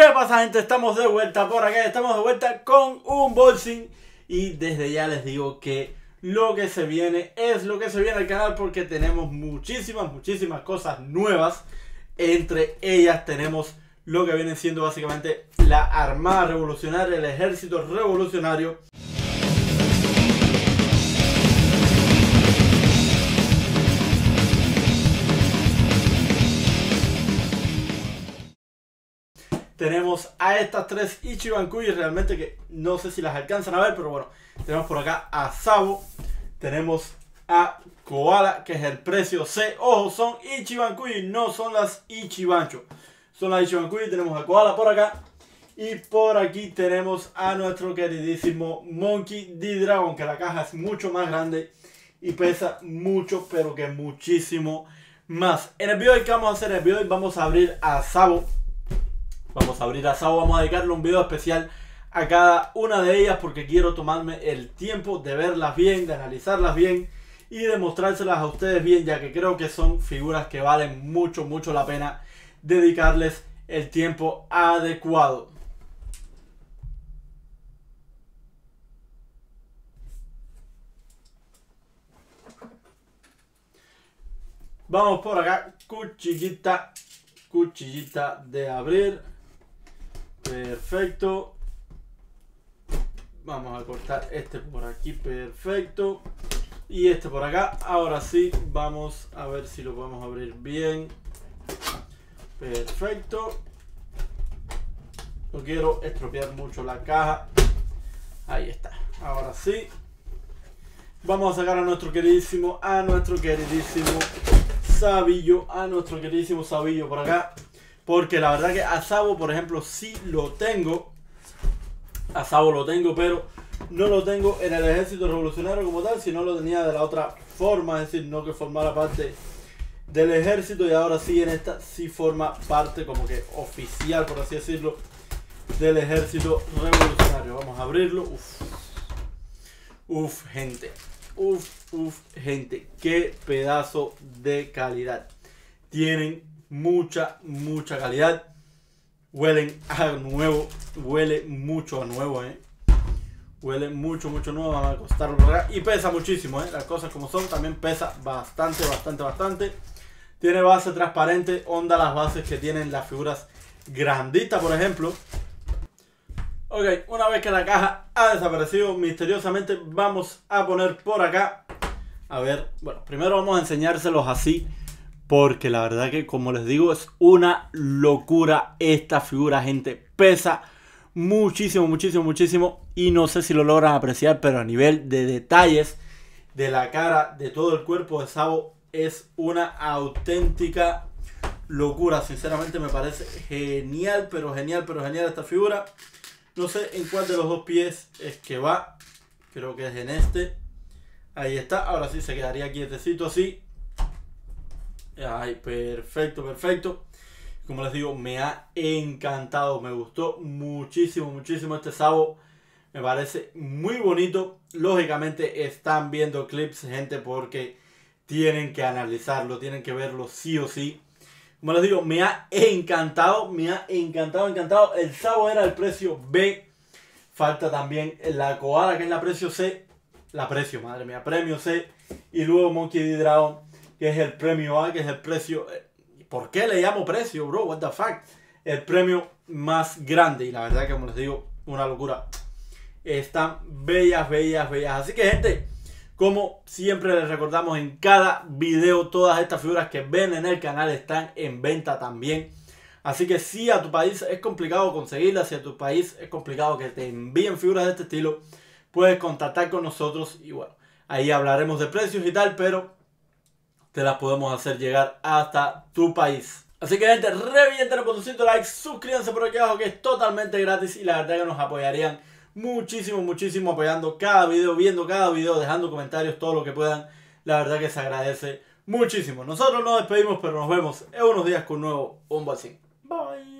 ¿Qué pasa gente? Estamos de vuelta por acá, estamos de vuelta con un bolsing y desde ya les digo que lo que se viene es lo que se viene al canal porque tenemos muchísimas, muchísimas cosas nuevas. Entre ellas tenemos lo que viene siendo básicamente la Armada Revolucionaria, el Ejército Revolucionario. Tenemos a estas tres Ichiban Kui, realmente que no sé si las alcanzan a ver, pero bueno. Tenemos por acá a Sabo. Tenemos a Koala, que es el precio C. Ojo, son Ichiban Kui, no son las Ichibancho. Son las Ichiban tenemos a Koala por acá. Y por aquí tenemos a nuestro queridísimo Monkey D. Dragon, que la caja es mucho más grande y pesa mucho, pero que muchísimo más. En el video que vamos a hacer, en el video vamos a abrir a Sabo. Vamos a abrir a vamos a dedicarle un video especial a cada una de ellas porque quiero tomarme el tiempo de verlas bien, de analizarlas bien y de mostrárselas a ustedes bien, ya que creo que son figuras que valen mucho, mucho la pena dedicarles el tiempo adecuado. Vamos por acá, cuchillita, cuchillita de abrir. Perfecto. Vamos a cortar este por aquí. Perfecto. Y este por acá. Ahora sí, vamos a ver si lo podemos abrir bien. Perfecto. No quiero estropear mucho la caja. Ahí está. Ahora sí. Vamos a sacar a nuestro queridísimo, a nuestro queridísimo Sabillo, a nuestro queridísimo Sabillo por acá. Porque la verdad que a Sabo, por ejemplo, sí lo tengo. A Sabo lo tengo, pero no lo tengo en el ejército revolucionario como tal, Si no lo tenía de la otra forma, es decir, no que formara parte del ejército y ahora sí en esta sí forma parte como que oficial, por así decirlo, del ejército revolucionario. Vamos a abrirlo. Uf. Uf, gente. Uf, uf, gente. Qué pedazo de calidad. Tienen mucha, mucha calidad. Huelen a nuevo, huele mucho a nuevo, ¿eh? Huele mucho, mucho nuevo, a costar Y pesa muchísimo, ¿eh? Las cosas como son, también pesa bastante, bastante, bastante. Tiene base transparente, onda las bases que tienen las figuras granditas, por ejemplo. Ok, una vez que la caja ha desaparecido misteriosamente, vamos a poner por acá. A ver, bueno, primero vamos a enseñárselos así porque la verdad que, como les digo, es una locura esta figura, gente. Pesa muchísimo, muchísimo, muchísimo. Y no sé si lo logran apreciar, pero a nivel de detalles de la cara, de todo el cuerpo de Sabo, es una auténtica locura. Sinceramente me parece genial, pero genial, pero genial esta figura. No sé en cuál de los dos pies es que va. Creo que es en este. Ahí está. Ahora sí se quedaría quietecito así. Ay, perfecto, perfecto. Como les digo, me ha encantado, me gustó muchísimo, muchísimo este sabo. Me parece muy bonito. Lógicamente están viendo clips, gente, porque tienen que analizarlo, tienen que verlo sí o sí. Como les digo, me ha encantado, me ha encantado, encantado. El sabo era el precio B. Falta también la coala que es la precio C. La precio, madre mía, premio C. Y luego Monkey D. Dragon que es el premio A, que es el precio. Eh, ¿Por qué le llamo precio, bro? What the fuck? El premio más grande. Y la verdad que, como les digo, una locura. Están bellas, bellas, bellas. Así que, gente, como siempre les recordamos en cada video, todas estas figuras que ven en el canal están en venta también. Así que si a tu país es complicado conseguirlas, si a tu país es complicado que te envíen figuras de este estilo, puedes contactar con nosotros y bueno, ahí hablaremos de precios y tal, pero te las podemos hacer llegar hasta tu país. Así que gente, revienten el botoncito de like, suscríbanse por aquí abajo que es totalmente gratis y la verdad que nos apoyarían muchísimo, muchísimo apoyando cada video, viendo cada video, dejando comentarios, todo lo que puedan. La verdad que se agradece muchísimo. Nosotros nos despedimos, pero nos vemos en unos días con un nuevo unboxing, Bye.